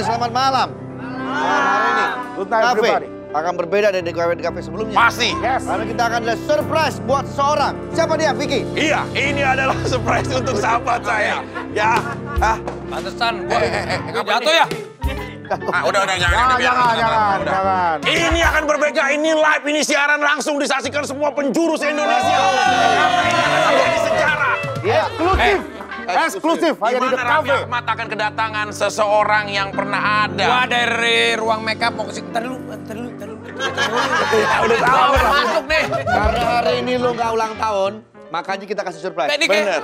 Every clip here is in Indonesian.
semuanya selamat malam. Malam. Hari ini, kafe akan berbeda dari kafe-kafe sebelumnya. Pasti. Yes. Karena kita akan ada surprise buat seorang. Siapa dia, Vicky? Iya, ini adalah surprise untuk sahabat saya. Ya. Hah? Pantesan, eh, eh, eh, eh jatuh ya? Ah, udah, udah, jangan, jangan, jangan, jangan, jangan. Ini akan berbeda, ini live, ini siaran langsung disaksikan semua penjuru se-Indonesia. Oh. ini akan menjadi sejarah. Iya. Eh, Eksklusif. Eksklusif hanya di The Cafe. Ahmad akan kedatangan seseorang yang pernah ada. Wah dari ruang makeup mau kesini. Ntar dulu, ntar dulu, ntar dulu. Iya, udah tahu masuk nih. Karena hari ini lu gak ulang tahun, Makanya kita kasih surprise. Nah, ini kayak, Bener.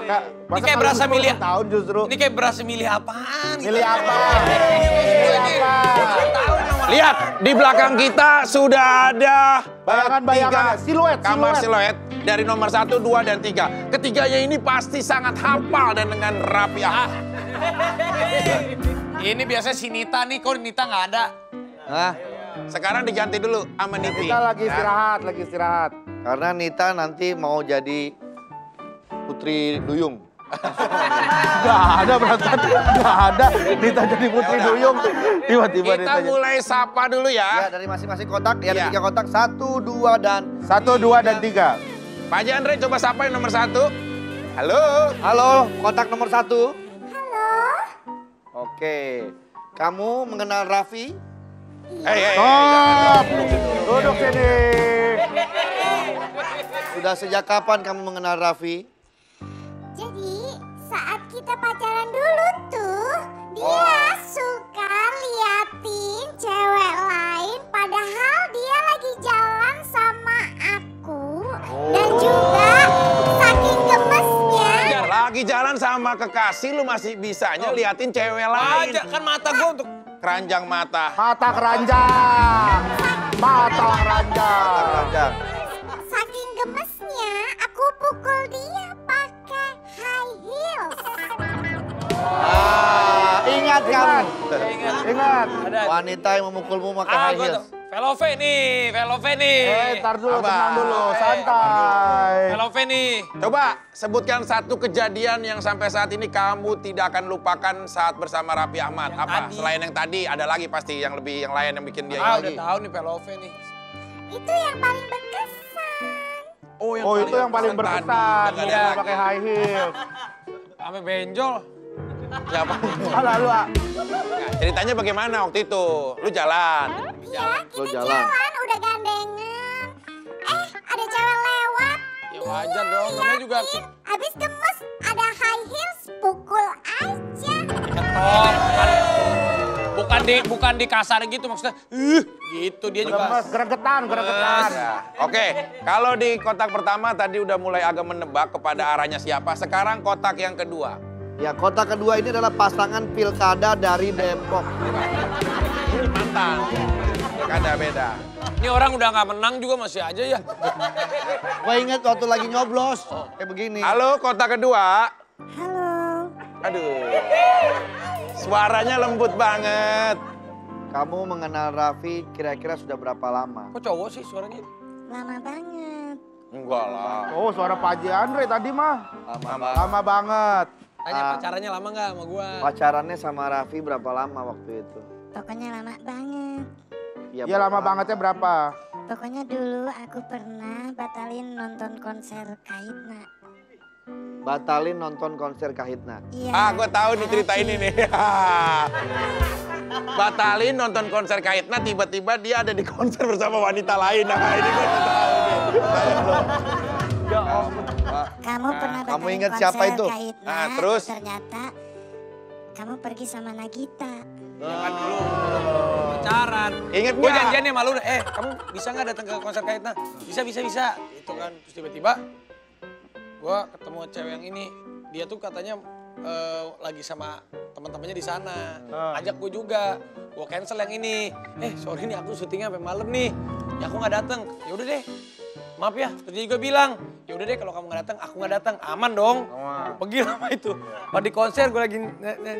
ini kayak berasa milih. Tahun justru. Ini kayak berasa milih apaan. Milih gitu. apa? Milih apa? Milih apa? Lihat, di belakang kita sudah ada bayangan-bayangan siluet, kamar siluet. dari nomor satu, dua dan tiga. Ketiganya ini pasti sangat hafal dan dengan rapi. Ah. ini biasanya si Nita nih, kok Nita nggak ada? Nah. Sekarang diganti dulu sama Niti. Kita lagi nah. istirahat, ya. lagi istirahat. Karena Nita nanti mau jadi putri duyung. Gak ada berangkat, gak ada. Dita jadi Putri Duyung, tiba-tiba Kita Dita mulai sapa dulu ya. Ya dari masing-masing kotak, ya, tiga kotak, satu, dua, dan... Satu, dua, dan tiga. Pak Haji Andre coba sapa yang nomor satu. Halo. Halo, kotak nomor satu. Halo. Oke, kamu mengenal Raffi? hei Hey, hey, ya. Duduk sini. Sudah sejak kapan kamu mengenal Raffi? Jadi saat kita pacaran dulu tuh dia suka liatin cewek lain padahal dia lagi jalan sama aku dan oh. juga saking gemesnya lagi jalan sama kekasih lu masih bisanya oh. liatin cewek lain Aja, kan mata gua untuk keranjang mata mata keranjang mata keranjang, mata keranjang. saking gemesnya aku pukul dia pak high heels. Ah, ingat kan? Ingat. ingat. Wanita yang memukulmu pakai ah, high heels. Velove nih, Velove nih. Eh, tar dulu, Abang. tenang dulu, eh, santai. Velove nih. Coba sebutkan satu kejadian yang sampai saat ini kamu tidak akan lupakan saat bersama Raffi Ahmad. Yang Apa? Tadi. Selain yang tadi, ada lagi pasti yang lebih yang lain yang bikin dia. Ah, udah tahu nih Velove nih. Itu yang paling berkesan. Oh, yang oh itu yang paling berkesan. Iya, pakai high heel. Sampai benjol. siapa? Ya, Halo, lu, ah. Nah, ceritanya bagaimana waktu itu? Lu jalan. Iya, iya, kita Lu jalan. jalan. udah gandengan. Eh, ada cewek lewat. Ya wajar iya, dong, namanya juga. Abis gemes, ada high heels, pukul aja. Ketok. Bukan di bukan di kasar gitu maksudnya. Uh, gitu dia juga. Lemes, geregetan, geregetan. Oke, okay. kalau di kotak pertama tadi udah mulai agak menebak kepada arahnya siapa. Sekarang kotak yang kedua. Ya, kotak kedua ini adalah pasangan pilkada dari Depok. Mantan. Pilkada beda. Ini orang udah nggak menang juga masih aja ya. Gue inget waktu lagi nyoblos, kayak begini. Halo, kotak kedua. Halo. Aduh. Suaranya lembut banget. Kamu mengenal Raffi kira-kira sudah berapa lama? Kok cowok sih suaranya? Lama banget. Enggak lah. Oh, suara Pak Andre tadi mah. Lama, lama. lama banget. Tanya uh, pacarannya lama nggak sama gua? Pacarannya sama Raffi berapa lama waktu itu? Pokoknya lama banget. Iya ya, lama bangetnya berapa? Pokoknya dulu aku pernah batalin nonton konser Kaitna batalin nonton konser Kahitna. Iya. Ah, gue tahu nih cerita ini nih. batalin nonton konser Kahitna, tiba-tiba dia ada di konser bersama wanita lain. Nah, ini gue tahu ya Kamu ah, pernah batalin kamu ingat siapa itu? Kahitna, ah, nah, terus ternyata kamu pergi sama Nagita. Jangan oh. dulu. Pacaran. Ingat gue janjian ya malu. Eh, kamu bisa nggak datang ke konser Kahitna? Bisa, bisa, bisa. Itu kan. Terus tiba-tiba gue ketemu cewek yang ini dia tuh katanya uh, lagi sama teman-temannya di sana uh. ajak gue juga gue cancel yang ini eh sorry nih aku syutingnya sampai malam nih ya aku nggak datang ya udah deh maaf ya tadi juga bilang ya udah deh kalau kamu nggak datang aku nggak datang aman dong oh. pergi lama itu pas di konser gue lagi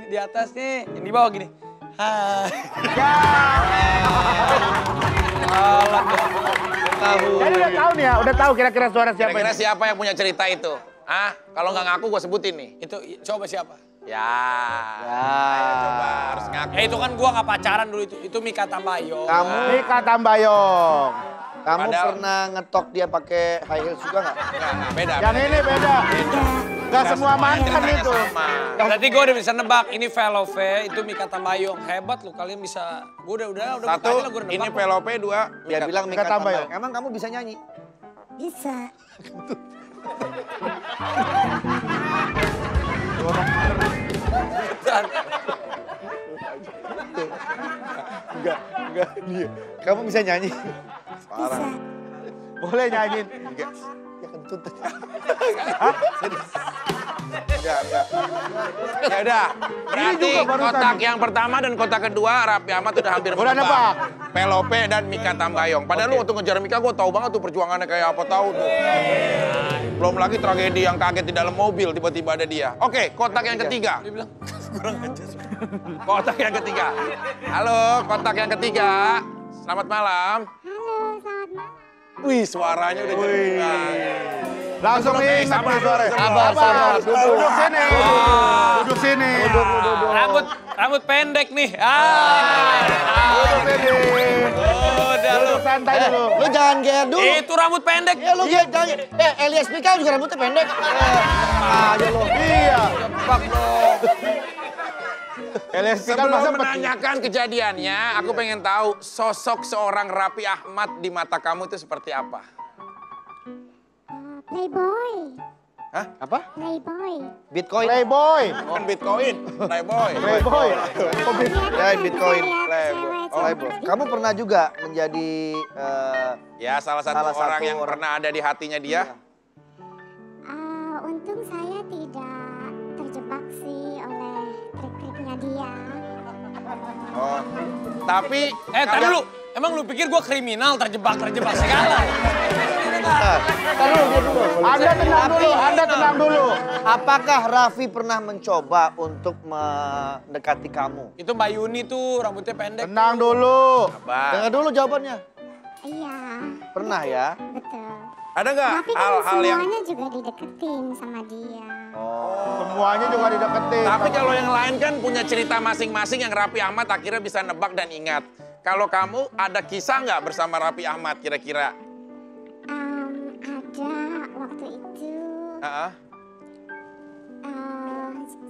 di atas nih yang di bawah gini hai ya. tahu. Jadi udah tahu nih ya, udah tahu kira-kira suara siapa. Kira-kira siapa yang punya cerita itu? Ah, kalau nggak ngaku gue sebutin nih. Itu coba siapa? Ya. Ya. Ayo coba harus ngaku. Eh itu kan gue nggak pacaran dulu itu. Itu Mika Tambayong. Kamu Mika Tambayong. Kamu Padahal... pernah ngetok dia pakai high heels juga nggak? beda. Yang beda. ini beda. beda. Gak semua mantan itu. Sama. Berarti gue udah bisa nebak ini Velove, itu Mika Tambayong. Hebat lu kalian bisa. Gue udah udah udah Satu, lah, gua nebak, ini Velove, dua dia bilang Mika Tambayong. Emang kamu bisa nyanyi? Bisa. Enggak, enggak dia. Kamu bisa nyanyi? Parah. Boleh nyanyiin. Enggak tuh. Enggak, Ya udah. Berarti kotak yang pertama dan kotak kedua rapi Ahmad udah hampir Udah nebak. Pelope dan Mika Tambayong. Padahal okay. lu waktu ngejar Mika gue tahu banget tuh perjuangannya kayak apa tahu tuh. Belum lagi tragedi yang kaget di dalam mobil tiba-tiba ada dia. Oke, okay, kotak yang ketiga. Kotak yang ketiga. Halo, kotak yang ketiga. Selamat malam. Halo, selamat malam. Wih, suaranya udah jernih Langsung nih, sabar, sabar, sabar, sabar. Duduk sini, duduk sini. Rambut, rambut pendek nih. Ah, duduk sini. lu. Santai eh, dulu. Lu jangan geer dulu. Itu rambut pendek. Ya lu iya, jangan. Eh, Elias Pikal juga rambutnya pendek. Ah, lu. Iya, fuck lu. LSI kan masa menanyakan kejadiannya, iya. aku iya. pengen tahu sosok seorang Rapi Ahmad di mata kamu itu seperti apa? Eh, Playboy. Hah? Apa? Playboy. Bitcoin. Playboy. Bukan oh. Bitcoin, Playboy. Playboy. Oh, bit ya, Bitcoin. Playboy. Oh, Playboy. Kamu pernah juga menjadi uh, ya salah satu, salah orang, satu yang orang yang pernah ada di hatinya dia? Iya. Tapi... Eh, tar dulu. Emang lu pikir gua kriminal terjebak-terjebak segala? Eh, tar dulu, dulu. Gitu. Anda tenang dulu, Anda tenang dulu. Apakah Raffi pernah mencoba untuk mendekati kamu? Itu Mbak Yuni tuh, rambutnya pendek. Tenang dulu. Dengar dulu jawabannya. Iya. Pernah ya? Betul. Ada nggak kan hal-hal yang... semuanya juga dideketin sama dia. Oh. Semuanya juga dideketin. Tapi kalau yang lain kan punya cerita masing-masing yang Rapi Ahmad akhirnya bisa nebak dan ingat. Kalau kamu ada kisah nggak bersama Rapi Ahmad kira-kira? Um, ada waktu itu. Uh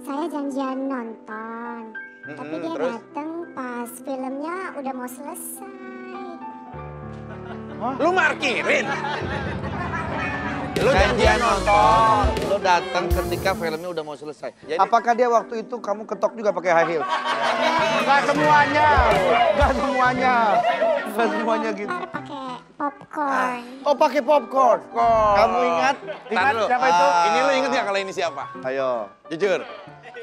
saya janjian nonton, mm -hmm, tapi dia terus? datang pas filmnya udah mau selesai. Lu markirin? Lu janjian nonton datang ketika filmnya udah mau selesai. Jadi, Apakah dia waktu itu kamu ketok juga pakai high heel? Gak semuanya. gak semuanya. gak semuanya gitu. Pakai popcorn. Oh, pakai popcorn. popcorn. Kamu ingat? Ingat siapa itu? Uh, ini lu inget gak kalau ini siapa? Ayo. Jujur.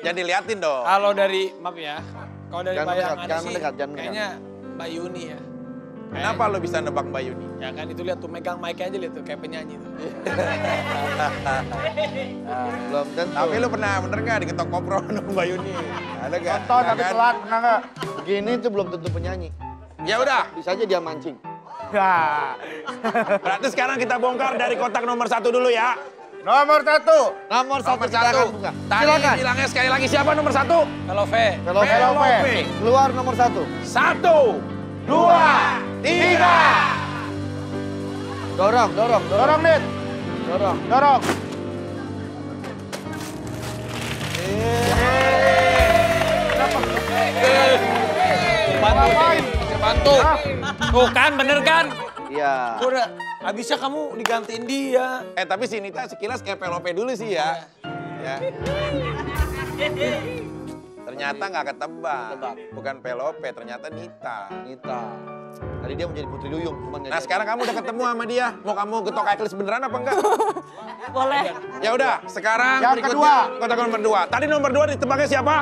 Jangan diliatin dong. Kalau dari, maaf ya. Kalau dari jangan bayangan mendekat, sih, jangan mendekat, jangan kayaknya Mbak Yuni ya. Kenapa lo bisa nebak Mbak Yuni? Ya kan itu lihat tuh megang mic aja lihat tuh kayak penyanyi tuh. belum tentu. Tapi lo pernah bener gak diketok kopro Mbak Yuni? Ada gak? Tonton tapi kan? telat pernah gak? Gini tuh belum tentu penyanyi. Ya udah. Bisa aja dia mancing. Ya. Berarti sekarang kita bongkar dari kotak nomor satu dulu ya. Nomor satu. Nomor satu. Nomor satu. Silakan. Tadi silakan. bilangnya sekali lagi siapa nomor satu? Kalau V. Kalau V. Keluar nomor satu. Satu dua, tiga. Dorong, dorong, dorong. Dorong, Dorong. Dorong. Bantu, bantu. Tuh kan, bener kan? Iya. udah, abisnya kamu digantiin dia. Eh tapi si Nita sekilas kayak pelope dulu sih ya. Ya. Ternyata nggak ketebak. ketebak. Bukan Pelope, ternyata Nita. Nita. Tadi dia menjadi putri duyung, cuman Nah, sekarang kamu udah ketemu sama dia. Mau kamu ketok Eklis beneran apa enggak? Boleh. Ya udah, sekarang yang berikutnya kedua. kota nomor dua. Tadi nomor dua ditebaknya siapa?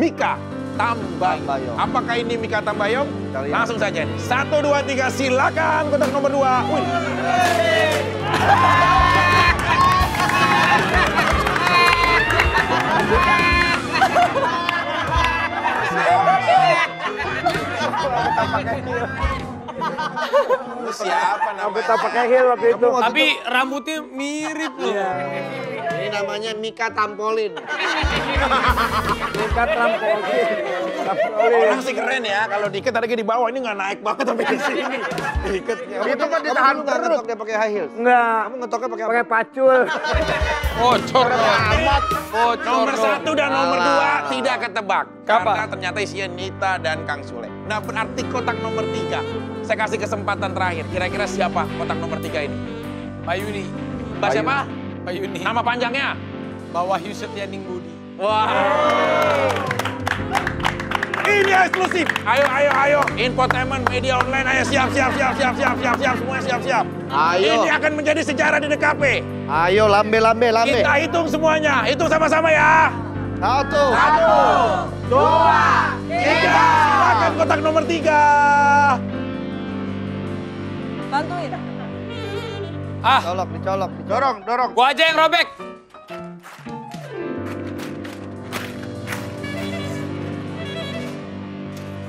Mika Tambayong. Tambayong. Apakah ini Mika Tambayong? Kalian. Langsung saja. Satu, dua, tiga, silakan kotak nomor dua. Wih. Yeah. Lu siapa namanya? Aku tak pakai heel waktu itu. Tapi rambutnya mirip loh. Iya. Ini namanya Mika Tampolin. Mika Tampolin. Orang sih keren ya, kalau diket tadi di bawah ini nggak naik banget sampai di sini. Diiket. Itu kan ditahan nggak ngetok dia pakai high heels? Nggak. Kamu ngetoknya pakai Pakai pacul. Bocor amat. Bocor. Nomor satu dan nomor dua tidak ketebak. Karena ternyata isinya Nita dan Kang Sule. Nah berarti kotak nomor tiga. Saya kasih kesempatan terakhir. Kira-kira siapa kotak nomor tiga ini? Bayu Yuni. Mbak siapa? Bayu Yuni. Nama panjangnya? Bawah Yusuf Setianing Budi. Wah. Wow. Ini eksklusif. Ayo, ayo, ayo. Infotainment, media online, ayo siap, siap, siap, siap, siap, siap, siap, semua siap, siap. Ayo. Ini akan menjadi sejarah di DKP. Ayo, lambe, lambe, lambe. Kita hitung semuanya. Hitung sama-sama ya. Satu. Satu. Dua. Tiga. Silakan kotak nomor tiga. Bantuin. Ah. Colok, dicolok, dicolok. Dorong, dorong. Gua aja yang robek.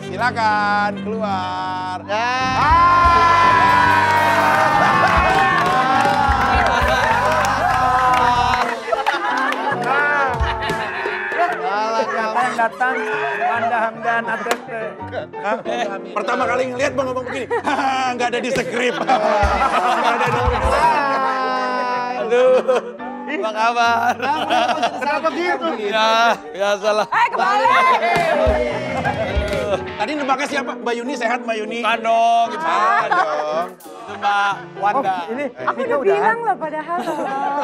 Silakan keluar. Ya. Ah. datang, Manda Hamdan ATT. Pertama kali ngelihat Bang ngomong begini, nggak ada di skrip. Nggak ada di Aduh. Apa kabar? Kenapa gitu? Ya, biasalah. Eh, kembali! Tadi nebaknya siapa? Mbak Yuni sehat Mbak Yuni? Bukan dong, ah, gimana dong? Itu Mbak Wanda. Oh, ini, eh, aku udah bilang loh padahal.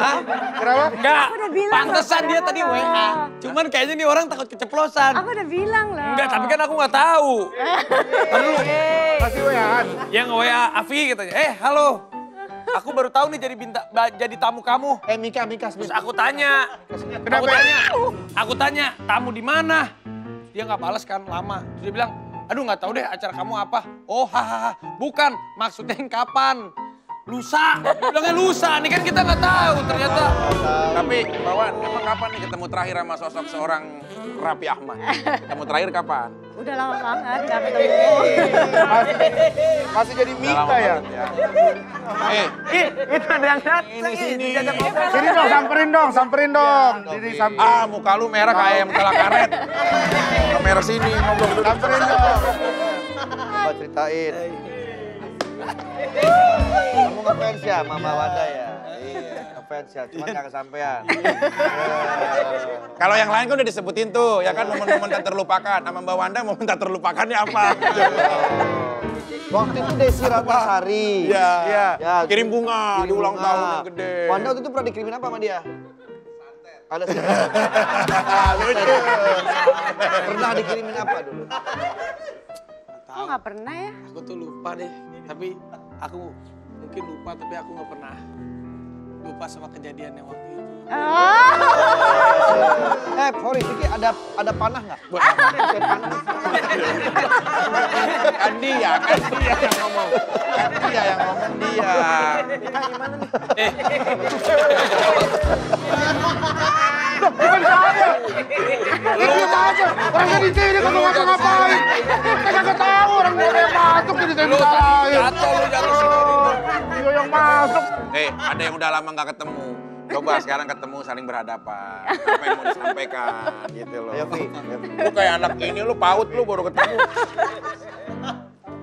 Hah? Kenapa? Enggak. Aku udah bilang Pantesan dia tadi WA. Cuman kayaknya nih orang takut keceplosan. Aku udah bilang loh. Enggak, tapi kan aku nggak tahu. Perlu. Pasti WA-an. Yang WA Afi katanya. Eh, halo aku baru tahu nih jadi jadi tamu kamu. Eh Mika, Mika. Terus aku tanya. Kenapa? Aku tanya. Aku tanya, tamu di mana? dia nggak balas kan lama. Terus dia bilang, aduh nggak tahu deh acara kamu apa. Oh hahaha, bukan maksudnya yang kapan? Lusa, bilangnya lusa Ini kan kita nggak tahu ternyata. Tapi bawan, emang kapan nih ketemu terakhir sama sosok seorang Rapi Ahmad? Ketemu terakhir kapan? Udah lama banget gak ketemu. masih, masih jadi Mika ya? ya. Eh, itu ada yang datang. Ini sini. Sini dong, samperin dong, samperin ya, dong. Jadi samperin. Ah, muka lu merah kayak yang telak karet. merah sini, ngobrol dulu. Samperin dong. Coba ceritain. Kamu ngefans ya, Mama Wanda ya? fans ya, cuma nggak kesampaian. Kalau yang lain kan udah disebutin tuh, ya kan momen-momen tak terlupakan. Sama Mbak Wanda momen tak terlupakannya apa? Waktu itu Desi Ratnasari. Iya. Ya. ya. Kirim bunga kirim di ulang tahun yang gede. Wanda waktu itu pernah dikirimin apa sama dia? Ada sih. Lucu. pernah dikirimin apa dulu? Kok oh, nggak pernah ya? Aku tuh lupa deh. Tapi aku mungkin lupa tapi aku nggak pernah lupa sama kejadian yang waktu itu. Oh. Eh, sorry, Siki ada ada panah nggak? Buat apa? panah. kan dia, ya, kan dia ya yang ngomong. Kan dia ya yang ngomong dia. Kita gimana nih? Eh. lu bukan aja. Orangnya di sini kok ngapa-ngapain. Kita nggak tahu orang mau yang masuk jadi saya Jatuh, lu jatuh masuk. Eh, ada yang udah lama nggak ketemu. Coba sekarang ketemu saling berhadapan. Apa yang mau disampaikan gitu loh. Ayo, iya, Vi. Iya, lu kayak anak ini lu paut lu baru ketemu.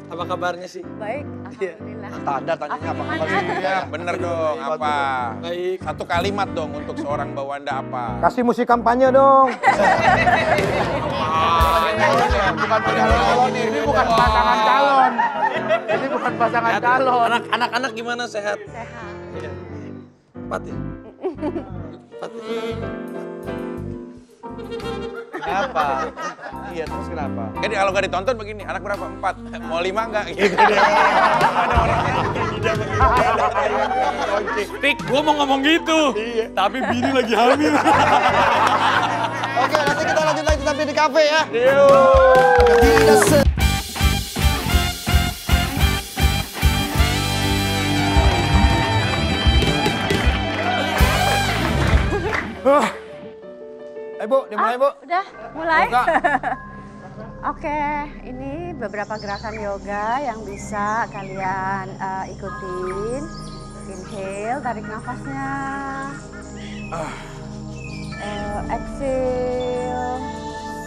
Apa kabarnya sih? Baik, iya. alhamdulillah. Ya. Tanda tanyanya apa sih? Iya, bener dong. Apa? Baik. Satu kalimat dong untuk seorang bawanda apa? Kasih musik kampanye dong. ini bukan pasangan calon, ini bukan pasangan calon. Ini bukan pasangan sehat. Ya? calon. Anak, anak-anak gimana sehat? Sehat. Iya. ya. Empat. Ya? Kenapa? Iya terus kenapa? Jadi kalau nggak ditonton begini, anak berapa? Empat. Mau lima nggak? Gitu Ada orangnya. Tik, gue mau ngomong gitu. Iya. Tapi bini lagi hamil. Oke, nanti kita lanjut lagi tapi di kafe ya. Yuk. Ah. Eh Bu, dimulai ah, Bu. Udah, mulai. Oke, ini beberapa gerakan yoga yang bisa kalian uh, ikutin. Inhale, tarik nafasnya. Ah. Uh, exhale.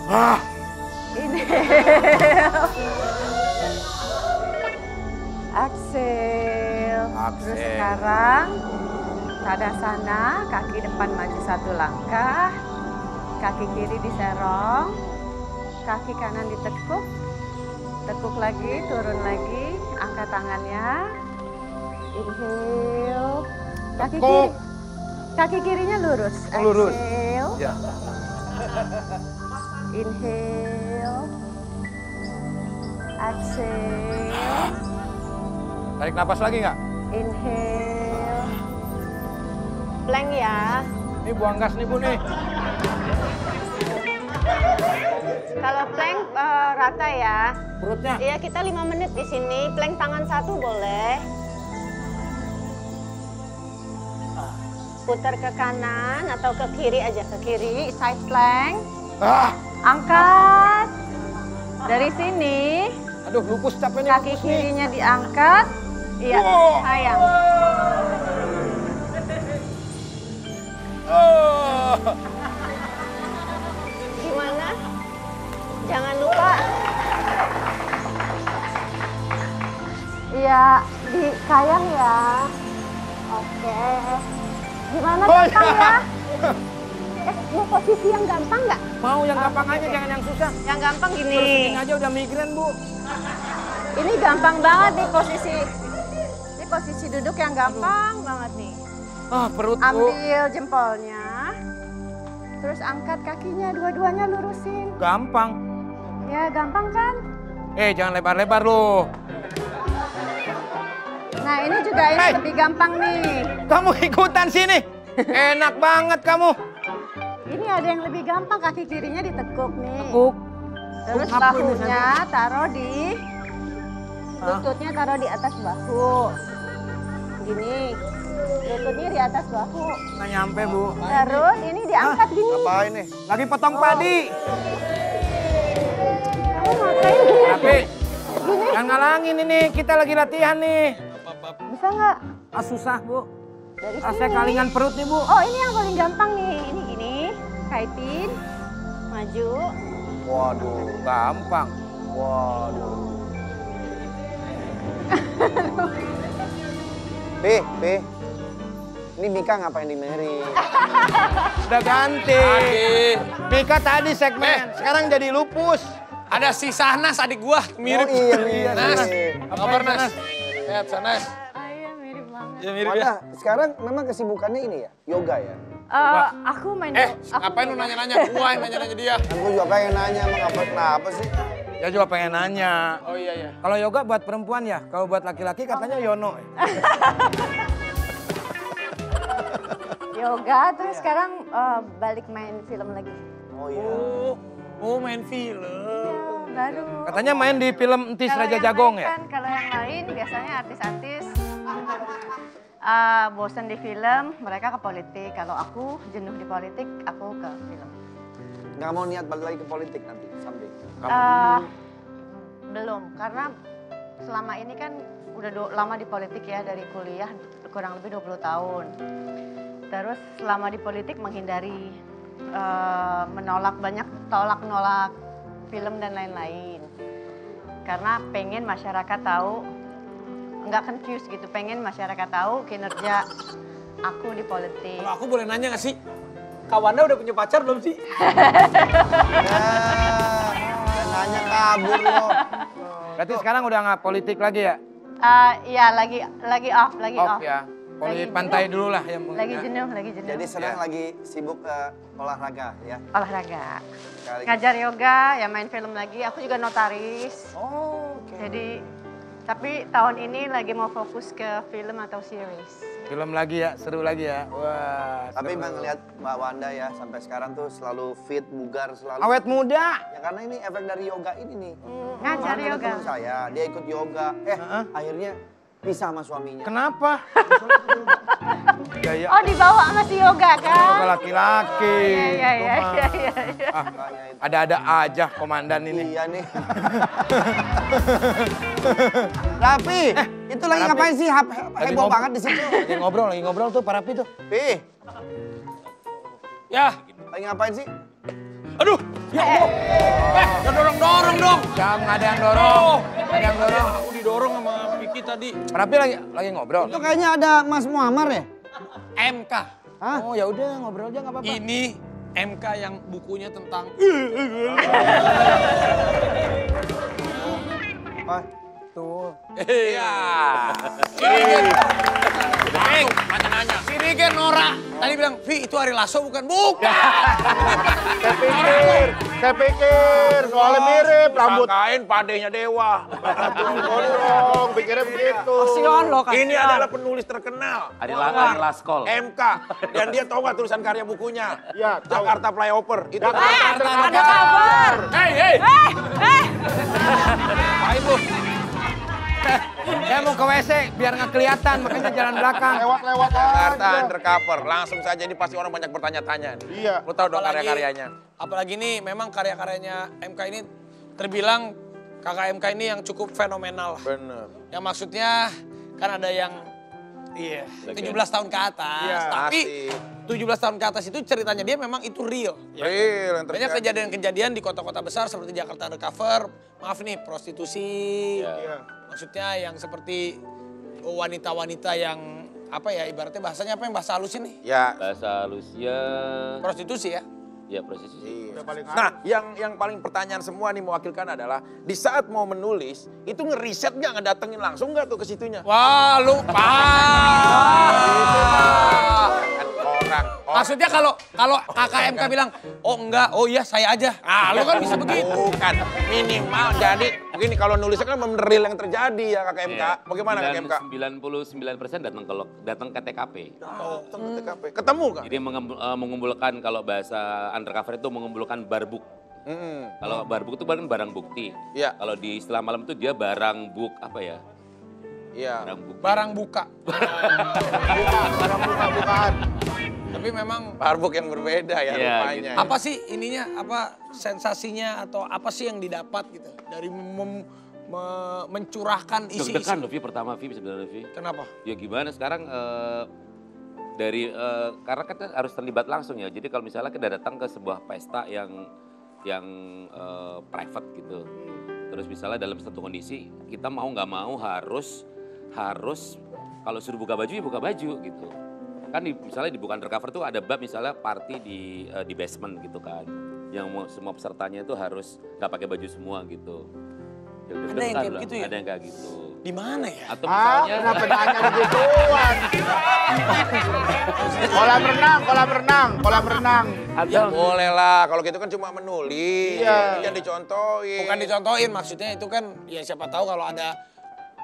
Ah. Inhale. exhale. Terus sekarang dada sana kaki depan maju satu langkah kaki kiri diserong kaki kanan ditekuk tekuk lagi turun lagi angkat tangannya inhale kaki kiri kaki kirinya lurus oh, exhale lurus. Ya. inhale exhale tarik nafas lagi nggak inhale blank ya. Ini buang gas nih Bu nih. Kalau plank uh, eh, rata ya. Perutnya? Iya, kita lima menit di sini. Plank tangan satu boleh. Putar ke kanan atau ke kiri aja, ke kiri, side plank. Ah. Angkat. Dari sini. Aduh, lupus capek nih. Kaki lupus kirinya nih. diangkat. Iya, sayang. Wow. makanya aja, jangan yang susah. Yang gampang gini. Terus aja udah migran, Bu. Ini gampang banget nih posisi. Ini posisi duduk yang gampang Aduh. banget nih. Ah, perut, Bu. Ambil jempolnya. Terus angkat kakinya, dua-duanya lurusin. Gampang. Ya, gampang kan? Eh, jangan lebar-lebar loh. Nah, ini juga ini hey. lebih gampang nih. Kamu ikutan sini. Enak banget kamu nggak ada yang lebih gampang kaki kirinya ditekuk nih. Tekuk. Terus Tekuk bahunya taruh di ah. lututnya taruh di atas bahu. Gini. Lututnya di atas bahu. Nggak nyampe, Bu. Terus ini diangkat Hah? gini. Apa ini? Lagi potong oh. padi. Kamu ngapain gini? Tapi gini. Jangan ngalangin ini, kita lagi latihan nih. Bisa nggak? Ah, susah, Bu. Dari ah, saya kalingan perut nih, Bu. Oh, ini yang paling gampang nih. Ini gini kaitin, maju. Waduh, gampang. Waduh. Pi, Pi. Ini Mika ngapain di Mary? Udah ganti. Adik. Mika tadi segmen, eh. sekarang jadi lupus. Ada si Sahnas adik gua, oh, mirip. Oh, iya, iya, iya. Nas. Iya, iya. Apa kabar Nas? Lihat Sahnas. Iya, mirip banget. Ya, mirip Sekarang memang kesibukannya ini ya, yoga ya? Uh, aku main Eh, aku ngapain lu nanya-nanya? Gua yang nanya-nanya dia. Kan juga pengen nanya, emang apa kenapa sih? Ya juga pengen nanya. Oh iya iya. Kalau yoga buat perempuan ya, kalau buat laki-laki katanya oh. Yono. yoga terus iya. sekarang uh, balik main film lagi. Oh iya. Oh, oh main film. Ya, baru. Katanya main di film Entis Raja Jagong ya? Kan, kalau yang lain biasanya artis-artis uh, bosen di film, mereka ke politik. Kalau aku jenuh di politik, aku ke film. Nggak mau niat balik lagi ke politik nanti, sampai? Uh, belum, karena selama ini kan udah lama di politik ya, dari kuliah kurang lebih 20 tahun. Terus selama di politik menghindari, uh, menolak banyak tolak-nolak film dan lain-lain. Karena pengen masyarakat tahu nggak confused gitu, pengen masyarakat tahu kinerja aku di politik. Kalau aku boleh nanya nggak sih? Kawannya udah punya pacar belum sih? ya, nanya kabur lo. Berarti sekarang udah nggak politik lagi ya? Uh, iya lagi lagi off lagi off. off. ya. Poli lagi pantai dulu lah yang mungkin. Lagi ya. jenuh, lagi jenuh. Jadi sekarang ya. lagi sibuk uh, olahraga ya. Olahraga. Sekali. Ngajar yoga, ya main film lagi. Aku juga notaris. Oh, oke. Okay. Jadi tapi tahun ini lagi mau fokus ke film atau series. Film lagi ya, seru lagi ya. Wah. Tapi emang lihat Mbak Wanda ya sampai sekarang tuh selalu fit, bugar, selalu awet muda. Ya karena ini efek dari yoga ini nih. Hmm, ngajar yoga. Saya, dia ikut yoga. Eh, akhirnya bisa sama suaminya. Kenapa? Gaya. Oh dibawa sama si Yoga kan? Oh, laki-laki. Iya, iya, iya, iya, iya, Ah, ada-ada aja komandan ini. Iya nih. Rapi, eh, itu lagi Rapi. ngapain sih? Hap, heboh banget di situ. Lagi ngobrol, lagi ngobrol tuh para Rapi tuh. Pi. Ya. Lagi ngapain sih? Aduh, ya eh. Allah. Eh, jangan dorong-dorong dong. Jangan, nggak ada yang dorong. Oh. ada yang dorong. Aku didorong sama Vicky tadi. Rapi lagi lagi ngobrol. Itu kayaknya ada Mas Muammar ya? MK. Hah? Oh ya udah ngobrol aja nggak apa-apa. Ini MK yang bukunya tentang. Pak, tuh. Iya. mana iya. nanya? Sini ke Nora. Tadi bilang, Vi itu Ari Lasso bukan? Bukan! saya pikir, saya pikir. Soalnya mirip rambut. Kain padenya dewa. bodong, pikirnya begitu. Kasihan loh, kasihan. Ini adalah penulis terkenal. Ari, Lasso. MK. Dan dia tahu gak tulisan karya bukunya? Ya, Jakarta Flyover. Itu Jakarta, Jakarta, Hei hei. Hei! Hei! Hei! Hei! Saya mau ke WC biar nggak kelihatan, makanya jalan belakang. Lewat-lewat aja. Jakarta undercover, langsung saja ini pasti orang banyak bertanya-tanya. Iya. Lu tahu dong karya-karyanya. Apalagi ini memang karya-karyanya MK ini terbilang kakak MK ini yang cukup fenomenal. Bener. Yang maksudnya kan ada yang iya, yeah, 17 tahun ke atas, Iya, tapi tujuh 17 tahun ke atas itu ceritanya dia memang itu real. Real yang Banyak kejadian-kejadian di kota-kota besar seperti Jakarta Undercover, maaf nih prostitusi, yeah. Yeah Maksudnya yang seperti wanita-wanita yang apa ya ibaratnya bahasanya apa yang bahasa halus ini? Ya. Bahasa halusnya prostitusi ya. Ya prostitusi. Iya. Nah, yang yang paling pertanyaan semua nih mewakilkan adalah di saat mau menulis itu ngeriset nggak ngedatengin langsung nggak tuh ke situnya? Wah lupa. orang. Maksudnya kalau kalau KKMK bilang, oh enggak, oh iya saya aja. Ah, lo kan bisa begitu. Bukan, minimal jadi ini kalau nulisnya kan real yang terjadi ya Kakak MK. Yeah. Bagaimana Kakak MK? 99% datang ke datang ke TKP. Oh, datang ke TKP. Ketemu kan? Jadi eh, mengumpulkan kalau bahasa undercover itu mengumpulkan barbuk. Mm. Kalau barbuk itu barang barang bukti. Iya. Kalau di setelah malam itu dia barang buk apa ya? Iya. Barang, barang buka. Barang buka. barang buka bukaan. Tapi memang Harbuk yang berbeda ya yeah, rupanya. Gitu. Ya. Apa sih ininya apa sensasinya atau apa sih yang didapat gitu dari mem me mencurahkan isi-isi. Deg-degan loh Vi pertama Vi sebenarnya Kenapa? Ya gimana sekarang uh, dari uh, karena kita harus terlibat langsung ya. Jadi kalau misalnya kita datang ke sebuah pesta yang yang uh, private gitu. Terus misalnya dalam satu kondisi kita mau nggak mau harus harus kalau suruh buka baju ya buka baju gitu kan di, misalnya di bukan recover tuh ada bab misalnya party di uh, di basement gitu kan yang semua pesertanya itu harus nggak pakai baju semua gitu ya, ada yang kayak gitu ya ada yang kayak gitu di mana ya? Atau misalnya... Ah, kenapa nanya gitu? kolam renang, kolam renang, kolam renang. Ya boleh lah, kalau gitu kan cuma menulis. Iya. Kan dicontohin. Bukan dicontohin, maksudnya itu kan ya siapa tahu kalau ada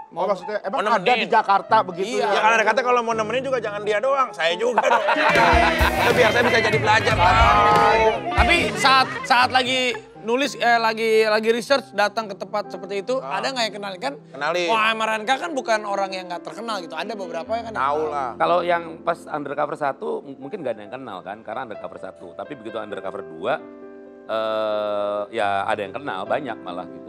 Mau oh, maksudnya emang mau ada di Jakarta begitu iya. ya? Iya, karena kata kalau mau nemenin juga jangan dia doang, saya juga dong. Itu biar saya bisa jadi pelajar. Tapi saat saat lagi nulis eh, lagi lagi research datang ke tempat seperti itu oh. ada nggak yang kenal kan? Wah, Wah, Ranka kan bukan orang yang nggak terkenal gitu. Ada beberapa yang kan tahu lah. Kalau yang pas undercover satu mungkin nggak ada yang kenal kan karena undercover satu. Tapi begitu undercover dua eh, ya ada yang kenal banyak malah gitu.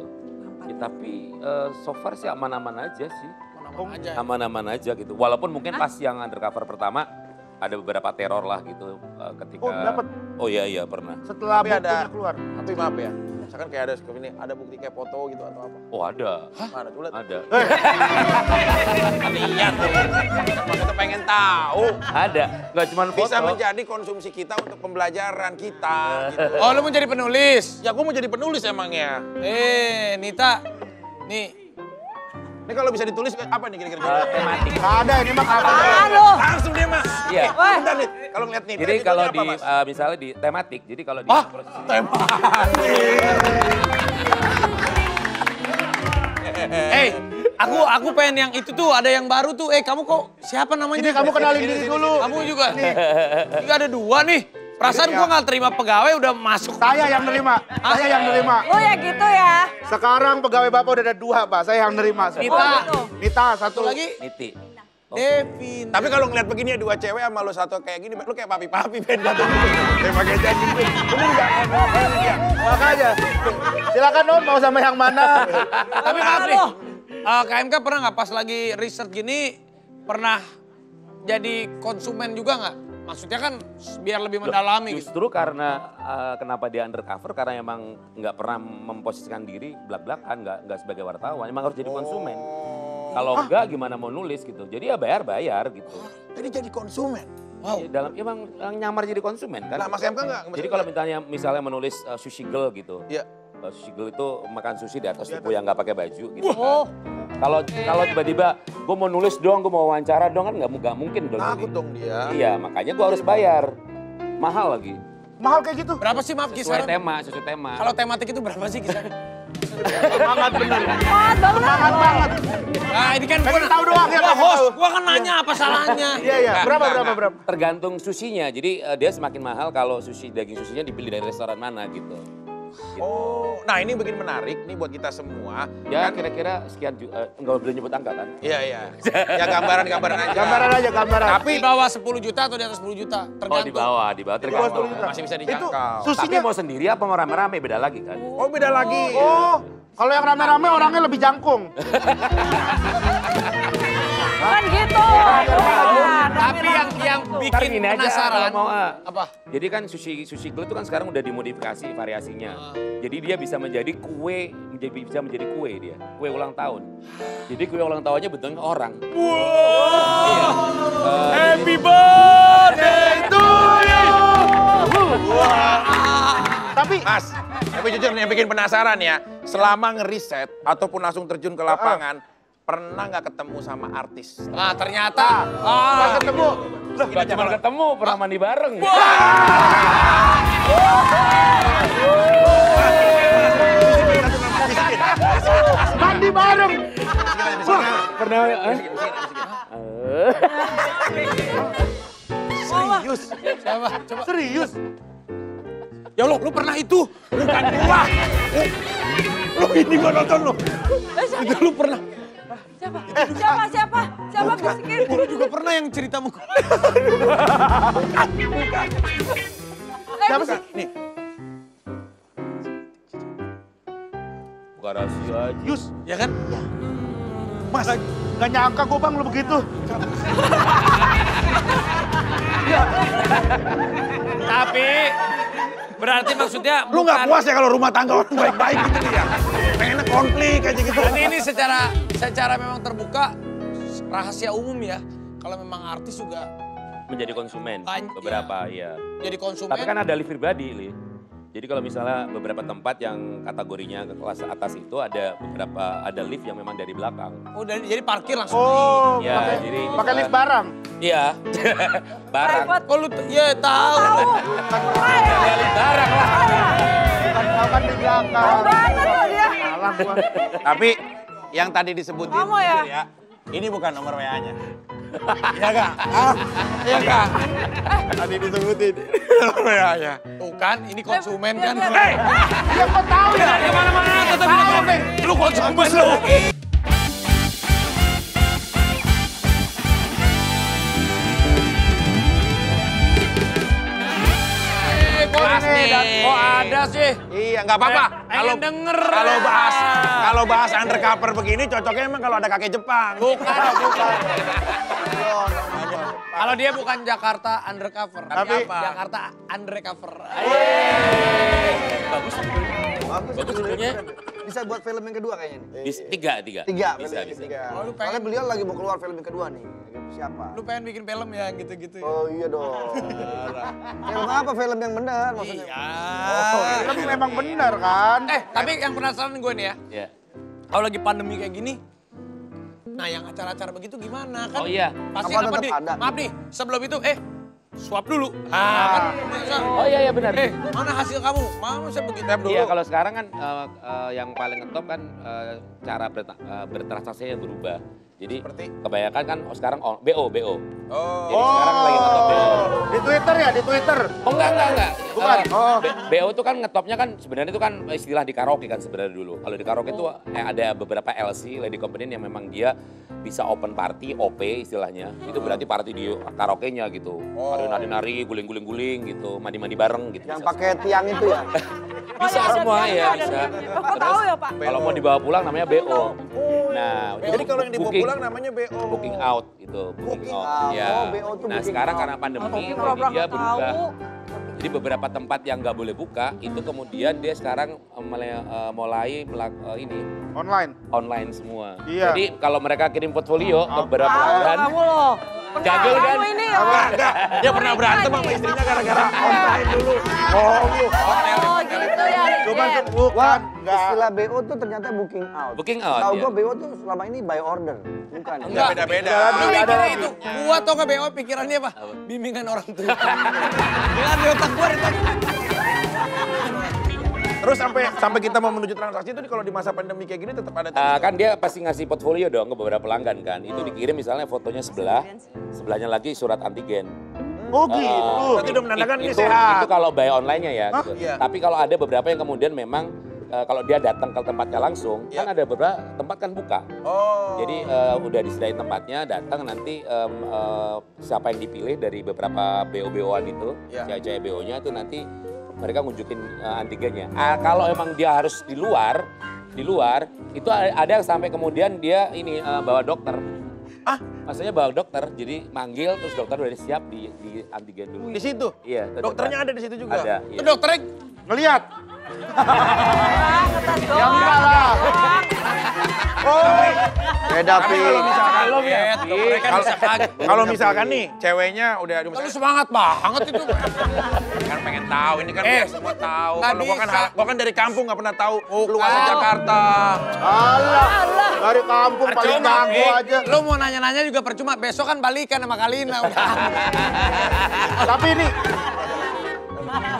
Ya, tapi uh, so far sih aman-aman aja sih. Aman-aman aja. Aman-aman aja gitu. Walaupun mungkin nah. pas yang undercover pertama ada beberapa teror lah gitu uh, ketika Oh, dapat. Oh iya iya pernah. Setelah tapi ada keluar. Tapi maaf ya. Misalkan kayak ada seperti ini, ada bukti kayak foto gitu atau apa? Oh ada. Hah? Mana tuh? Ada. Lihat iya tuh. Kita pengen tahu. Ada. nggak cuma foto. Bisa menjadi konsumsi kita untuk pembelajaran kita. Gitu. Oh lu mau jadi penulis? Ya gua mau jadi penulis emangnya. Eh Nita, nih ini kalau bisa ditulis apa nih kira-kira? Uh, tematik. ada ini mah apa? Langsung deh mah. Iya. nih. Kalau ngeliat nih. Jadi kalau di eh, misalnya di tematik. Jadi kalau di ah, Tematik. hey, eh, aku aku pengen yang itu tuh ada yang baru tuh. Eh kamu kok siapa namanya? Jadi kamu kenalin diri dulu. Kamu juga. Ini ada dua nih. Perasaan gue nggak terima pegawai udah masuk. Saya yang nerima. Ah. Saya yang nerima. Oh ya gitu ya. Sekarang pegawai bapak udah ada dua pak. Saya yang nerima. Nita. Oh, gitu. Nita satu. Lagi. Niti. Okay. Tapi kalau ngeliat begini ya dua cewek sama lo satu kayak gini, lo kayak papi-papi Ben satu. Kayak pakai janji Ben. Lu enggak Makanya. Silakan dong mau sama yang mana. Tapi maaf nih. Uh, eh, KMK pernah nggak pas lagi riset gini pernah jadi konsumen juga nggak? Maksudnya kan biar lebih mendalami. Gitu. Justru gitu. karena uh, kenapa dia undercover karena emang nggak pernah memposisikan diri belak-belakan nggak nggak sebagai wartawan emang harus jadi konsumen. Oh. Kalau ah. enggak gimana mau nulis gitu. Jadi ya bayar bayar gitu. Oh, jadi jadi konsumen. Wow. Iya, dalam emang eh, nyamar jadi konsumen kan. Nah, Mas MK kan enggak. Jadi kalau misalnya misalnya menulis uh, sushi girl gitu. Iya. Yeah Eh, Shigel itu makan sushi di atas tubuh yang nggak pakai baju gitu kan. Oh. Kalau kalau tiba-tiba gue mau nulis dong, gue mau wawancara dong kan nggak nggak mungkin dong. Takut dong dia. Iya makanya gue harus bayar, mahal lagi. Mahal kayak gitu. Berapa sih maaf kisaran? Sesuai tema, sesuai tema. Kalau tematik itu berapa sih kisaran? Semangat bener. Semangat banget. Semangat banget. Nah ini kan gue tahu doang ya. host, gue kan nanya apa iya. salahnya. Iya, iya. Berapa, berapa, berapa? Tergantung susinya. Jadi eh, dia semakin mahal kalau sushi, daging susinya dipilih dari restoran mana gitu. Gitu. Oh, nah ini begini menarik nih buat kita semua. Ya kan kira-kira kan? sekian uh, eh, nggak boleh nyebut angka kan? Iya iya. Ya gambaran-gambaran aja. Gambaran aja gambaran. Tapi di bawah 10 juta atau di atas 10 juta? Oh, tergantung. Oh di bawah, di bawah tergantung. Di bawah 10 juta. Masih bisa dijangkau. Itu, susinya... Tapi mau sendiri apa mau rame-rame beda lagi kan? Oh beda lagi. Oh, kalau yang rame-rame orangnya lebih jangkung. kan gitu. Ya, tapi yang yang bikin ini penasaran aja, mau, eh. apa? Jadi kan sushi sushi glue itu kan sekarang udah dimodifikasi variasinya. Uh. Jadi dia bisa menjadi kue, menjadi bisa menjadi kue dia, kue ulang tahun. Jadi kue ulang tahunnya bentuknya orang. Wow. Iya. Uh, Happy birthday to you. Wow. Tapi Mas, tapi jujur yang bikin penasaran ya, selama ngeriset ataupun langsung terjun ke lapangan, uh pernah nggak ketemu sama artis? Nah, ternyata ah, ketemu, loh, gak cuma ketemu, pernah mandi bareng. Wah! Mandi bareng. Pernah eh? Serius? Coba, coba. Serius? Ya lo, lu pernah itu? Bukan gua. Lu ini gua nonton lo, Itu lu pernah. Siapa? Siapa? siapa? Siapa? Siapa bisikin? Gue juga pernah yang cerita muka. bukan, bukan. Eh, siapa sih? Nih. Buka rahasia aja. Yus, ya kan? Hmm. Mas, gak, nyangka gue bang lu begitu. Tapi berarti maksudnya lu nggak puas ya kalau rumah tangga orang baik-baik gitu ya pengen konflik aja gitu. Berarti ini secara secara memang terbuka rahasia umum ya kalau memang artis juga menjadi konsumen beberapa ya. Jadi konsumen. Tapi kan ada lift pribadi, Li. Jadi kalau misalnya beberapa tempat yang kategorinya ke kelas atas itu ada beberapa ada lift yang memang dari belakang. Oh, dari, jadi parkir langsung. Oh, ya, pakai, jadi pakai lift barang. Iya. barang. Kalau lu ya tahu. Tahu. ya, lift barang lah. Bukan iya. kan di belakang. Tahu dia. Salah gua. Tapi yang tadi disebutin. Kamu ya? Gitu ya. Ini bukan nomor WA-nya. Iya kak? Ah, iya kak? Tadi disebutin nomor WA-nya. Tuh kan, ini konsumen kan. Hei! Ya ah, kok tahu ya? Kemana-mana mana tetap di Lu konsumen lu. nih. Dan, oh ada sih. Iya nggak apa-apa. Kalau denger. Kalau bahas ah. kalau bahas undercover begini cocoknya emang kalau ada kakek Jepang. Bukan, bukan. Iya. Kalau dia bukan Jakarta undercover, tapi, apa? Jakarta undercover. Bagus. Bagus sebetulnya bisa buat film yang kedua kayaknya nih. Bisa, tiga, tiga. Tiga, bisa, bisa. Tiga. Oh, lu pengen... beliau lagi mau keluar film yang kedua nih. Gitu, siapa? Lu pengen bikin film ya gitu-gitu ya? Oh iya dong. film apa? Film yang benar maksudnya? Iya. Oh, iya. film memang benar kan? Eh, tapi ya. yang penasaran gue nih ya. Iya. Kalau lagi pandemi kayak gini, Nah, yang acara-acara begitu gimana kan? Oh iya. Pasti apa, apa ada. Maaf nih, sebelum itu eh suap dulu. Ah, kan oh iya iya benar. Eh, mana hasil kamu? Mau saya begitu dulu. Iya, kalau sekarang kan uh, uh, yang paling top kan uh, cara ber uh, bertransaksinya berubah. Jadi Seperti? kebanyakan kan oh, sekarang on, BO, BO. Oh. Jadi sekarang lagi ngetop BO. Di Twitter ya, di Twitter. Oh enggak, enggak, enggak. Bukan. Oh. BO itu kan ngetopnya kan sebenarnya itu kan istilah di karaoke kan sebenarnya dulu. Kalau di karaoke itu oh. ada beberapa LC, lady company yang memang dia bisa open party, OP istilahnya. Oh. Itu berarti party di karaoke gitu. Oh. Nari-nari, guling-guling-guling gitu, mandi-mandi bareng gitu. Yang pakai tiang itu ya? bisa oh, semua ya, bisa. Bapak gitu. tahu ya, Pak? Kalau mau dibawa pulang namanya BO. Nah, jadi kalau yang dibawa pulang bilang namanya BO. Booking out gitu. Booking, booking out. out. Ya. Oh, BO nah sekarang out. karena pandemi dia berubah. Jadi beberapa tempat yang nggak boleh buka itu kemudian dia sekarang eh, eh, mulai melak, eh, ini online online semua. Iya. Jadi kalau mereka kirim portfolio hmm, ke beberapa pelanggan. Kamu loh. kan? Ini oh. Dia pernah berantem sama istrinya gara-gara online dulu. Iya. Oh, oh, oh itu ya. Cuman bukan. enggak. istilah BO tuh ternyata booking out. Booking out. Tahu ya. gua BO tuh selama ini by order, bukan. Enggak beda-beda. Lu mikirnya itu gua tau gak BO pikirannya apa? Bimbingan orang tua. Jangan di otak gua itu. Terus sampai sampai kita mau menuju transaksi itu kalau di masa pandemi kayak gini tetap ada. Uh, kan dia pasti ngasih portfolio dong ke beberapa pelanggan kan. Itu hmm. dikirim misalnya fotonya sebelah, sebelahnya lagi surat antigen. Oh gitu. Uh, itu udah menandakan ini sehat. Itu kalau bayar online-nya ya. Gitu. Yeah. Tapi kalau ada beberapa yang kemudian memang uh, kalau dia datang ke tempatnya langsung, yeah. kan ada beberapa tempat kan buka. Oh. Jadi uh, udah disediain tempatnya, datang nanti um, uh, siapa yang dipilih dari beberapa bo bo itu, yeah. jaya BO-nya itu nanti mereka ngunjukin uh, antigennya. Uh, kalau emang dia harus di luar, di luar itu ada yang sampai kemudian dia ini uh, bawa dokter Ah? Maksudnya bawa dokter, jadi manggil terus dokter udah siap di, di antigen dulu. Di situ? Iya. Dokternya ada di situ juga? Ada. Iya. dokternya ngelihat. yang enggak Beda Kalau misalkan lo ya, kalau misalkan nih ceweknya udah aduh misalkan. semangat banget itu. kan pengen tahu ini kan eh, semua tahu. Kalau gua kan gua kan dari kampung nggak pernah tahu luas Jakarta. Allah. Dari kampung paling tahu aja. Lu mau nanya-nanya juga percuma. Besok kan balikan sama Kalina udah. Tapi nih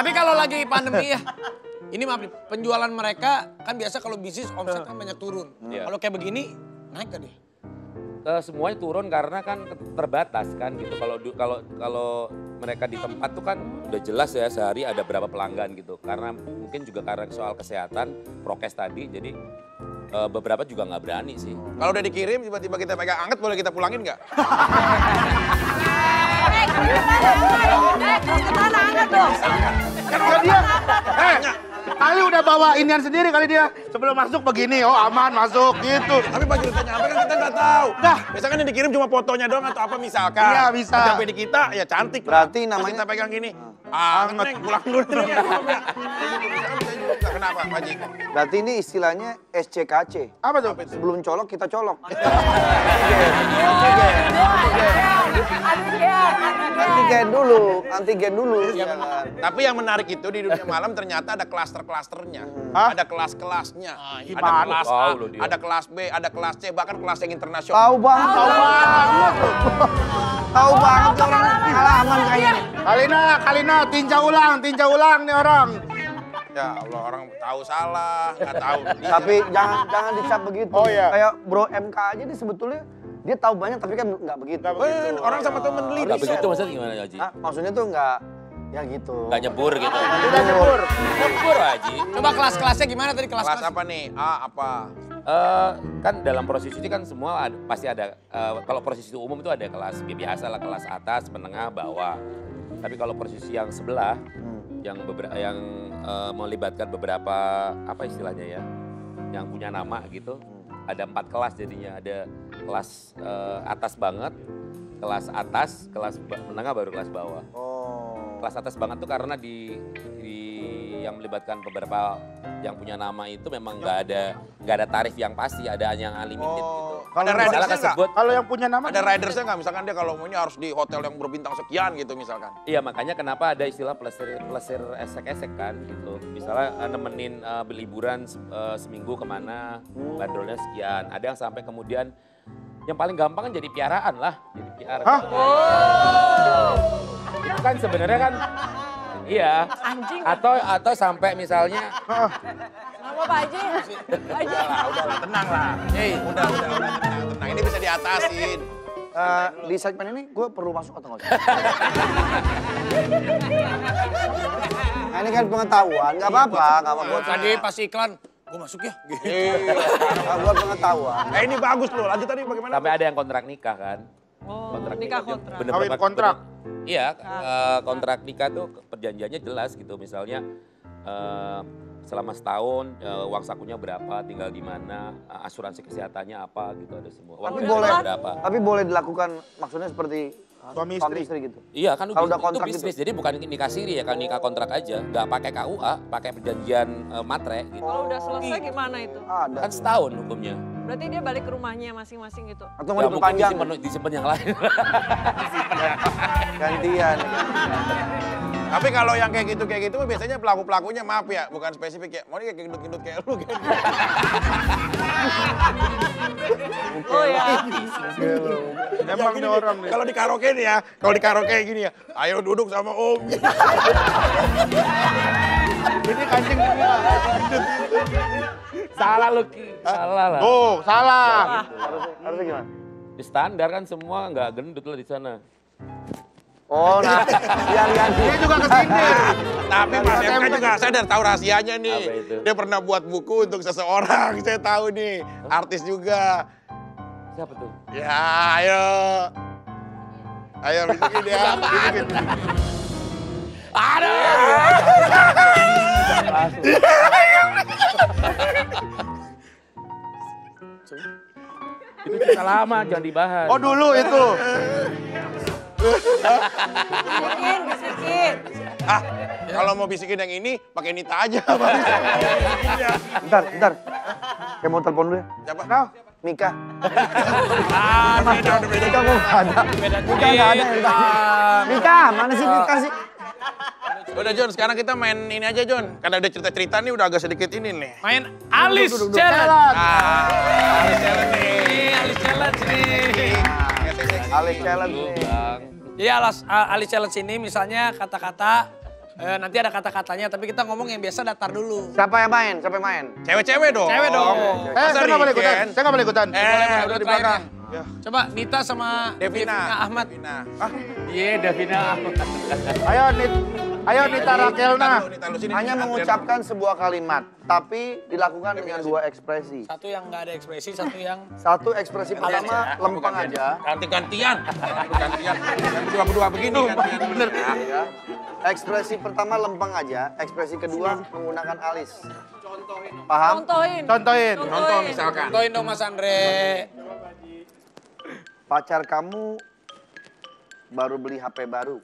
Tapi kalau lagi pandemi ya, ini maaf nih, penjualan mereka kan biasa kalau bisnis omset kan banyak turun. Yeah. Kalau kayak begini naik tadi. Uh, eh, semuanya turun karena kan terbatas kan gitu. Kalau kalau kalau mereka di tempat tuh kan udah jelas ya sehari ada berapa pelanggan gitu. Karena mungkin juga karena soal kesehatan, prokes tadi, jadi uh, beberapa juga nggak berani sih. Kalau udah dikirim tiba-tiba kita pegang anget boleh kita pulangin nggak? Eh, kali udah bawa inian sendiri kali dia. Sebelum masuk begini, oh aman masuk gitu. Tapi baju kita nyampe kan kita nggak tahu. Dah, biasanya kan yang dikirim cuma fotonya doang atau apa misalkan. Iya bisa. Sampai di kita ya cantik. Berarti namanya. Kita pegang gini. Ah, pulang dulu. Kenapa, Pak Jiko? Berarti ini istilahnya SCKC. Apa tuh? Sebelum colok, kita colok. Antigen dulu, antigen dulu. Ya, tapi yang menarik itu di dunia malam ternyata ada klaster-klasternya. Hmm. Ada kelas-kelasnya. Ah, iya. ada kelas A, ada kelas B, ada kelas C, bahkan kelas yang internasional. Tahu banget. Tahu banget. Tahu banget orang pengalaman kayaknya. Kalina, Kalina, tinjau ulang, tinjau ulang nih orang. Ya Allah orang tahu salah, nggak tahu. tapi jangan jangan dicap begitu. Oh iya. Kayak bro MK aja nih sebetulnya dia tahu banyak tapi kan nggak begitu. Gak begitu. Ben, eh, orang sama temen lihat. Nggak begitu maksudnya iya. gimana Haji? Nah, maksudnya tuh nggak Ya gitu. Gak nyebur gitu. Tidak nyebur. Nyebur Haji. Coba kelas-kelasnya gimana tadi kelas-kelas? Kelas apa nih? A apa? Uh, kan dalam proses itu kan semua ada, pasti ada uh, kalau proses itu umum itu ada kelas ya, biasa kelas atas menengah bawah tapi kalau proses yang sebelah hmm yang beberapa yang uh, melibatkan beberapa apa istilahnya ya yang punya nama gitu ada empat kelas jadinya ada kelas uh, atas banget kelas atas kelas menengah baru kelas bawah oh. kelas atas banget tuh karena di, di yang melibatkan beberapa yang punya nama itu memang nggak ada nggak ada tarif yang pasti ada yang unlimited oh. gitu kalau ada nggak? Kalau yang punya nama ada ridersnya nggak? Misalkan dia kalau maunya harus di hotel yang berbintang sekian gitu misalkan. Iya makanya kenapa ada istilah plesir plesir esek-esek kan gitu. Misalnya eh, nemenin uh, eh, liburan uh, eh, seminggu kemana, oh. bandrolnya sekian. Ada yang sampai kemudian yang paling gampang kan jadi piaraan lah, jadi piaraan. Hah? Oh. Itu kan sebenarnya kan Iya. Anjing. Atau atau sampai misalnya. Ngapa Pak Pak Haji. Udah, lah, tenang lah. Hei, udah, udah, udah, tenang, tenang. Ini bisa diatasin. Uh, di segmen ini gue perlu masuk atau enggak? ini kan pengetahuan, nggak apa-apa, nggak apa-apa. Tadi pas iklan, gue masuk ya. Gitu. Iya, buat pengetahuan. Eh ini bagus loh, lanjut tadi bagaimana? Sampai ada yang kontrak nikah kan. Oh, kontrak nikah, nikah kontrak. Bener -bener, Kawin kontrak. iya, eh, kontrak. Uh, kontrak nikah tuh perjanjiannya jelas gitu. Misalnya uh, selama setahun uh, uang sakunya berapa, tinggal di mana, uh, asuransi kesehatannya apa gitu ada semua. Uang tapi boleh berapa. Tapi boleh dilakukan maksudnya seperti suami istri. istri gitu. Iya, kan udah kontrak itu bisnis. Gitu. Jadi bukan nikah siri ya, kan nikah kontrak aja. Gak pakai KUA, pakai perjanjian uh, matre gitu. Kalau udah selesai gimana itu? Ada. Kan setahun hukumnya. Berarti dia balik ke rumahnya masing-masing gitu. Atau mau ya, diperpanjang? Disimpan, disimpan yang lain. Gantian. Tapi kalau yang kayak gitu kayak gitu biasanya pelaku pelakunya maaf ya, bukan spesifik ya. Mau kayak gendut gendut kayak lu kayak. Gitu. oh ya. Emang ini orang nih. Kalau di karaoke nih ya, kalau di karaoke gini ya, ayo duduk sama om. Ini kancing gini lah salah lu Ki. Salah lah. Tuh, salah. harusnya, gimana? Di standar kan semua nggak gendut lah di sana. Oh, nah, iya iya. iya. Dia juga sini. Tapi Mas Emka juga sadar tahu rahasianya nih. Dia pernah buat buku untuk seseorang, saya tahu nih. Artis juga. Siapa tuh? Ya, ayo. Ayo, bisikin dia. Aduh! itu cerita lama jangan dibahas. Oh dulu itu. bisikin, bisikin. Ah, kalau mau bisikin yang ini pakai Nita aja. Iya. bentar, bentar. Kayak mau telepon dulu ya. Siapa? kau Mika. Ah, Mika udah beda. Mika ada. Mika ada. Mika, mana sih Mika sih? Udah John, sekarang kita main ini aja John. Karena udah cerita-cerita nih udah agak sedikit ini nih. Main Alice challenge. Ah, ah. alis challenge nih. Alis challenge nih. Alice challenge nih. Iya alas, alis challenge ini misalnya kata-kata Eh, nanti ada kata-katanya, tapi kita ngomong yang biasa datar dulu. Siapa yang main? Siapa yang main? Cewek-cewek dong. Cewek dong. Oh, eh, saya nggak boleh ikutan. Saya nggak boleh ikutan. Eh, udah di belakang. Ya. Coba Nita sama Devina, Devina Ahmad. Devina. Ah? Iya, yeah, Devina Ahmad. Ayo, Nita Ayo Nita Rakelna. Hanya mengucapkan sebuah kalimat, tapi dilakukan dengan dua ekspresi. Satu yang nggak ada ekspresi, satu yang satu ekspresi pertama lempeng aja. Ganti gantian. Gantian. Dua berdua begini Bener. Ekspresi pertama lempeng aja, ekspresi kedua menggunakan alis. Contohin. Paham? Contohin. Contohin. Contoh misalkan. Contohin dong Mas Andre. Pacar kamu baru beli HP baru.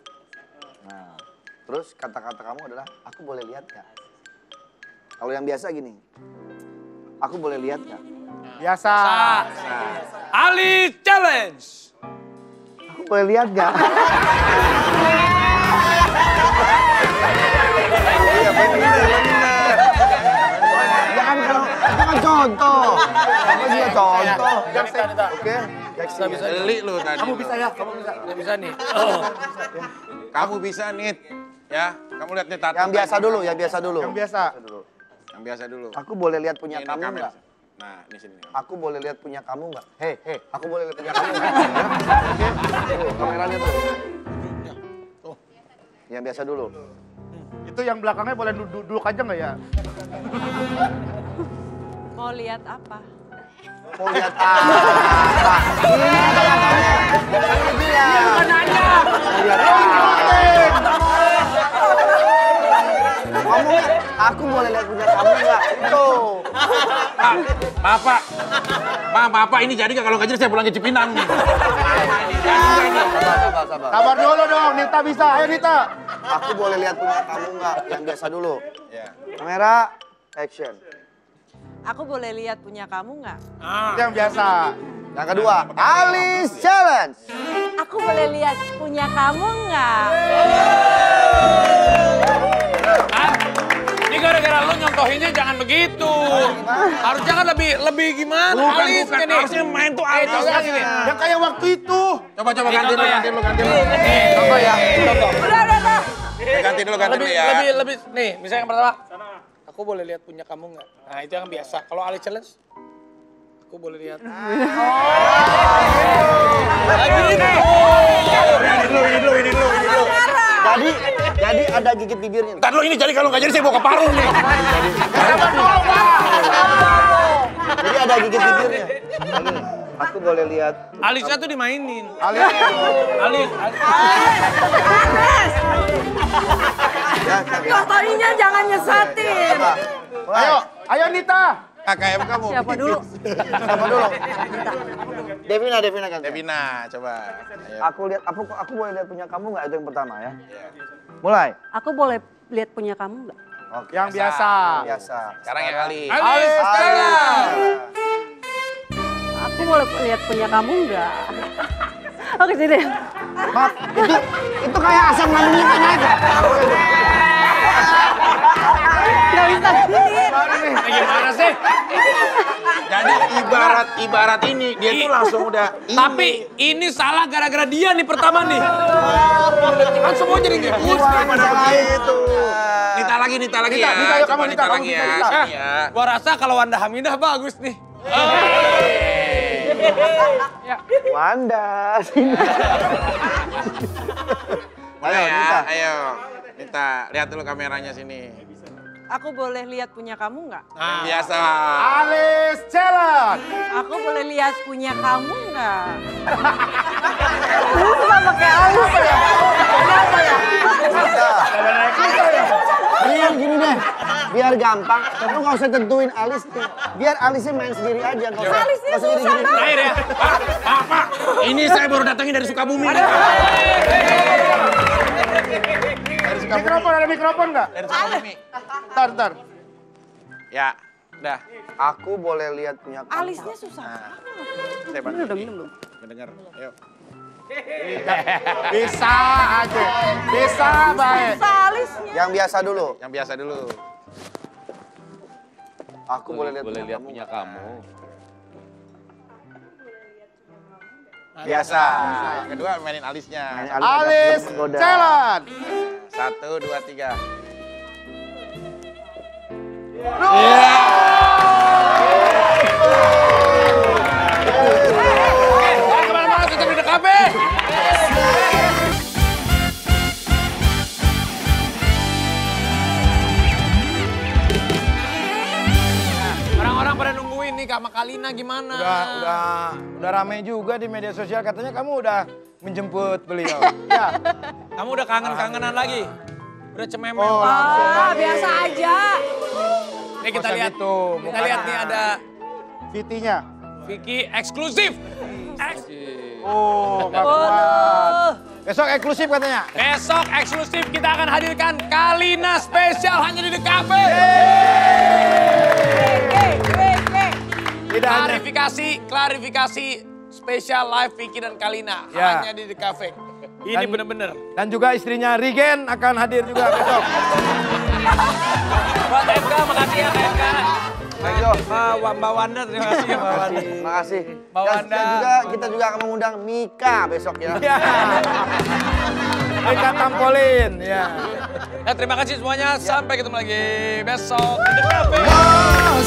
Terus kata-kata kamu adalah, aku boleh lihat gak? Kalau yang biasa gini, aku boleh lihat gak? Biasa. biasa. biasa. Ali challenge. Aku boleh lihat gak? Iya Jangan contoh. Kamu juga contoh. oke. bisa beli ya. lu tadi. Kamu bisa ya, kamu bisa. Oh. Kamu bisa nih. Kamu bisa nih. Ya, kamu lihat nih Yang biasa dulu, yang biasa dulu. Yang biasa. Yang biasa dulu. Aku boleh lihat punya ini kamu nggak? Nah, ini sini. Aku boleh lihat punya kamu nggak? Hei, hei, aku boleh lihat punya kamu nggak? Kameranya tuh. Tuh. Yang biasa dulu. Itu yang belakangnya boleh duduk, duduk aja nggak ya? Mau lihat apa? Mau lihat apa? Ini belakangnya. Ini dia. Ini nanya. Lihat apa? Kamu aku boleh lihat punya kamu nggak? Tuh. Pak, maaf Pak. Maaf, maaf Pak, ini jadi nggak kalau nggak jadi saya pulang ke Cipinang Kabar dulu dong, Nita bisa. Ayo Nita. Aku boleh lihat punya kamu nggak? Yang biasa dulu. Iya. Kamera, action. Aku boleh lihat punya kamu nggak? Ah. Yang biasa. Yang kedua, Alice Challenge. Aku boleh lihat punya kamu nggak? Yeah. jatuhinnya jangan begitu. harus jangan lebih lebih gimana? Bukan, alis bukan. Ini. Harusnya main tuh eh, alis. Eh, ya. Gini. Yang kayak waktu itu. Coba coba ganti dulu, ganti dulu, ganti dulu. Contoh ya. Contoh. Ya, udah, udah, udah. Ganti dulu, ganti dulu ya. Lebih, lebih. Nih, misalnya yang pertama. Aku boleh lihat punya kamu nggak? Nah, itu yang biasa. Kalau alis challenge, aku boleh lihat. Oh. Lagi ini. Ini dulu, ini dulu, ini dulu, ini dulu. Jadi jadi ada gigit bibirnya. Entar lo ini jadi kalau nggak jadi saya bawa ke paru nih. Jadi, ada gigit bibirnya. Hmm, aku boleh lihat. Alisnya tuh dimainin. Alis. Alis. Alis. Fotoinnya jangan nyesatin. Ayo, ayo Nita. KKM kamu. Siapa dulu? Siapa dulu? Devina, Devina kan. Devina, coba. Aku lihat, aku aku boleh lihat punya kamu nggak itu yang pertama ya? Iya. Mulai. Aku boleh lihat punya kamu nggak? Oke, yang biasa. biasa. Sekarang yang kali. Ali, Stella. Aku boleh lihat punya kamu nggak? Oke, sini. Maaf. itu, itu kayak asam lambungnya aja. Gimana sih? Jadi ibarat-ibarat ini dia tuh langsung udah ini. Tapi ini salah gara-gara dia nih pertama nih. Kan semua jadi ngikut iya, daripada begitu. Nita lagi, Nita lagi ya. Nita, Coba Nita, lagi ya. Iya. Gua rasa kalau Wanda Hamidah bagus nih. Iya. Wanda, Ayo, Nita. Ayo. Minta, lihat dulu kameranya sini. Aku boleh lihat punya kamu nggak? Ah. Biasa. Alis Celak. Aku boleh lihat punya kamu nggak? Lu sama pakai Alis ya? Kenapa ya? Ini yang gini deh, biar gampang. Lu nggak usah tentuin alis tuh. Biar alisnya main sendiri aja. Gak usah, alisnya susah gini, gini. Air ya. Pak, pak, pak. Ini saya baru datangin dari Sukabumi. Aduh. Mikrofon ada mikrofon nggak? Ntar ntar. Ya, dah. Aku boleh lihat punya kamu. Alisnya susah. Nah. Saya Udah minum belum? Kedengar. Ayo. Bisa aja. Bisa baik. Bisa alisnya. Yang biasa dulu. Yang biasa dulu. Aku boleh lihat boleh lihat punya kamu. Biasa. Kedua mainin alisnya. Alis, Alis challenge. Satu, dua, tiga. Yeah. yeah. Orang-orang pada nungguin nih gimana? Udah, udah, udah rame juga di media sosial katanya kamu udah menjemput beliau. ya. Kamu udah kangen-kangenan lagi? Udah cememem. Oh, ah, biasa aja. Nih kita lihat. tuh. Gitu, kita lihat nih ada VT-nya. Vicky eksklusif. oh, gak Besok eksklusif katanya. Besok eksklusif kita akan hadirkan Kalina spesial hanya di The Cafe. Klarifikasi, klarifikasi spesial live Vicky dan Kalina ya. hanya di The Cafe. Ini benar-benar. Dan juga istrinya Rigen akan hadir juga besok. Buat MK, makasih ya MK. Makasih. Mbak, Wanda, terima kasih ya Mbak Wanda. Makasih. Mbak Wanda. Dan juga, kita juga akan mengundang Mika besok ya. Iya. Mika Tampolin, ya. Ya, terima kasih semuanya. Sampai ketemu lagi besok.